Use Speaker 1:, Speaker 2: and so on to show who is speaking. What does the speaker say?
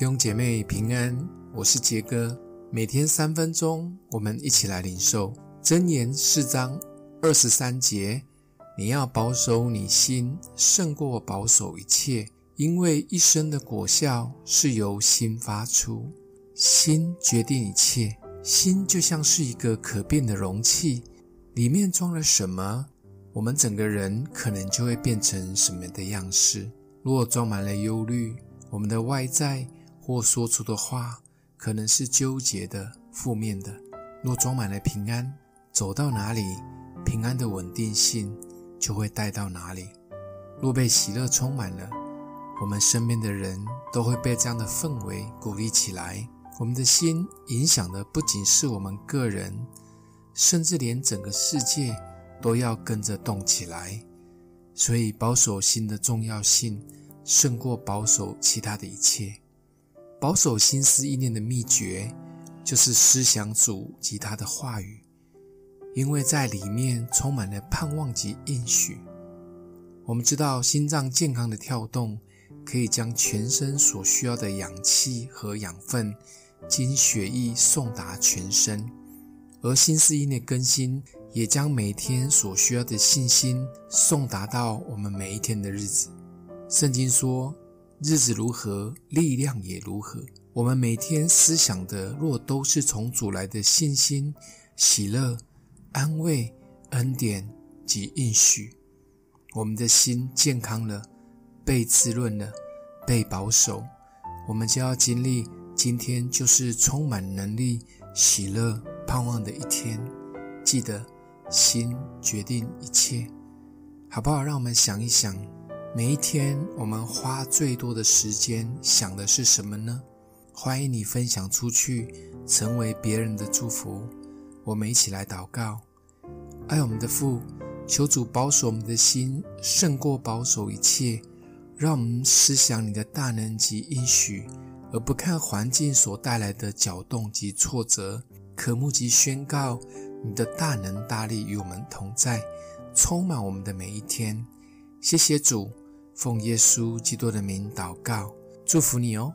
Speaker 1: 弟兄姐妹平安，我是傑哥。每天三分鐘，我們一起來領受《箴言》四章二十三節：“你要保守你心，勝過保守一切，因為一生的果效是由心發出，心決定一切。心就像是一個可變的容器，裡面裝了什麼，我們整個人可能就會變成什麼的樣式。如果裝滿了憂慮，我們的外在……”若說出的話可能是糾結的、負面的；若裝滿了平安，走到哪裡，平安的穩定性就會帶到哪裡。若被喜樂充滿了，我們身邊的人都會被這樣的氛圍鼓勵起來。我們的心影響的不僅是我們個人，甚至連整個世界都要跟着動起來。所以，保守心的重要性勝過保守其他的一切。保守心思意念的祕訣，就是思想主及他的話語，因為在裡面充滿了盼望及應許。我們知道心臟健康的跳動，可以將全身所需要的氧氣和養分，經血液送達全身；而心思意念更新，也將每天所需要的信心送達到我們每一天的日子。聖經說。日子如何，力量也如何。我們每天思想的若都是從主來的信心、喜樂、安慰、恩典及應許，我們的心健康了，被滋潤了，被保守，我們就要經歷今天就是充滿能力、喜樂、盼望的一天。記得，心決定一切。好不好？讓我們想一想。每一天，我們花最多的時間想的是什麼呢？歡迎你分享出去，成為別人的祝福。我們一起來禱告：愛我們的父，求主保守我們的心勝過保守一切，讓我們思想你的大能及應許，而不看環境所帶來的攪動及挫折。渴慕及宣告你的大能大力與我們同在，充滿我們的每一天。謝謝主。奉耶穌基督的名禱告，祝福你哦。